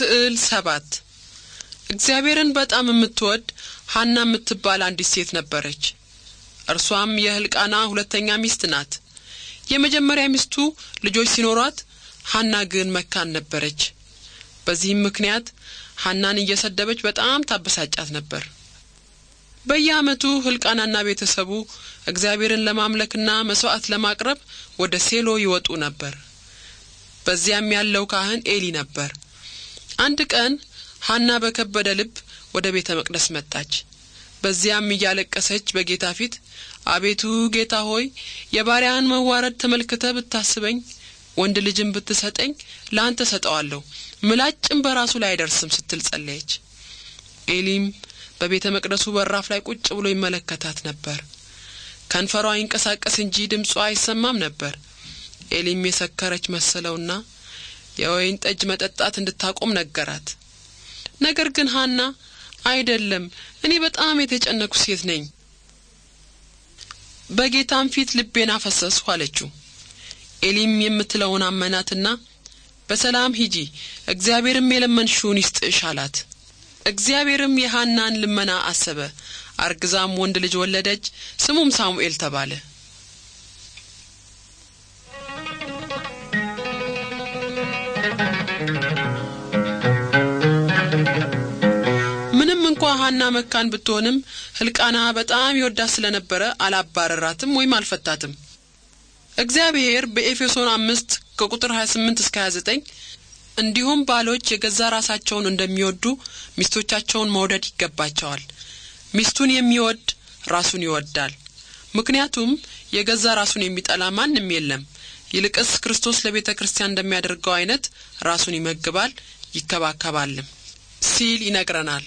ስዕል ሰባት እግዚአብሔርን በጣም የምትወድ ሐና የምትባል አንዲት ሴት ነበረች። እርሷም የህልቃና ሁለተኛ ሚስት ናት። የመጀመሪያ ሚስቱ ልጆች ሲኖሯት፣ ሐና ግን መካን ነበረች። በዚህም ምክንያት ሐናን እየሰደበች በጣም ታበሳጫት ነበር። በየዓመቱ ህልቃናና ቤተሰቡ እግዚአብሔርን ለማምለክና መስዋዕት ለማቅረብ ወደ ሴሎ ይወጡ ነበር። በዚያም ያለው ካህን ኤሊ ነበር። አንድ ቀን ሐና በከበደ ልብ ወደ ቤተ መቅደስ መጣች። በዚያም እያለቀሰች በጌታ ፊት አቤቱ ጌታ ሆይ የባሪያን መዋረድ ተመልክተ ብታስበኝ፣ ወንድ ልጅም ብትሰጠኝ ለአንተ ሰጠዋለሁ፣ ምላጭም በራሱ ላይ አይደርስም ስትል ጸለየች። ኤሊም በቤተ መቅደሱ በራፍ ላይ ቁጭ ብሎ ይመለከታት ነበር። ከንፈሯ ይንቀሳቀስ እንጂ ድምጿ አይሰማም ነበር። ኤሊም የሰከረች መሰለውና የወይን ጠጅ መጠጣት እንድታቆም ነገራት። ነገር ግን ሀና አይደለም፣ እኔ በጣም የተጨነኩ ሴት ነኝ፣ በጌታም ፊት ልቤን አፈሰስሁ አለችው። ኤሊም የምትለውን አመናትና በሰላም ሂጂ፣ እግዚአብሔርም የለመንሽውን ይስጥሽ አላት። እግዚአብሔርም የሀናን ልመና አሰበ። አርግዛም ወንድ ልጅ ወለደች፣ ስሙም ሳሙኤል ተባለ። ምንም እንኳ ሀና መካን ብትሆንም ህልቃና በጣም ይወዳት ስለነበረ አላባረራትም ወይም አልፈታትም። እግዚአብሔር በኤፌሶን አምስት ከቁጥር 28 እስከ 29 እንዲሁም ባሎች የገዛ ራሳቸውን እንደሚወዱ ሚስቶቻቸውን መውደድ ይገባቸዋል። ሚስቱን የሚወድ ራሱን ይወዳል። ምክንያቱም የገዛ ራሱን የሚጠላ ማንም የለም። ይልቅስ ክርስቶስ ለቤተ ክርስቲያን እንደሚያደርገው አይነት ራሱን ይመግባል ይከባከባልም ሲል ይነግረናል።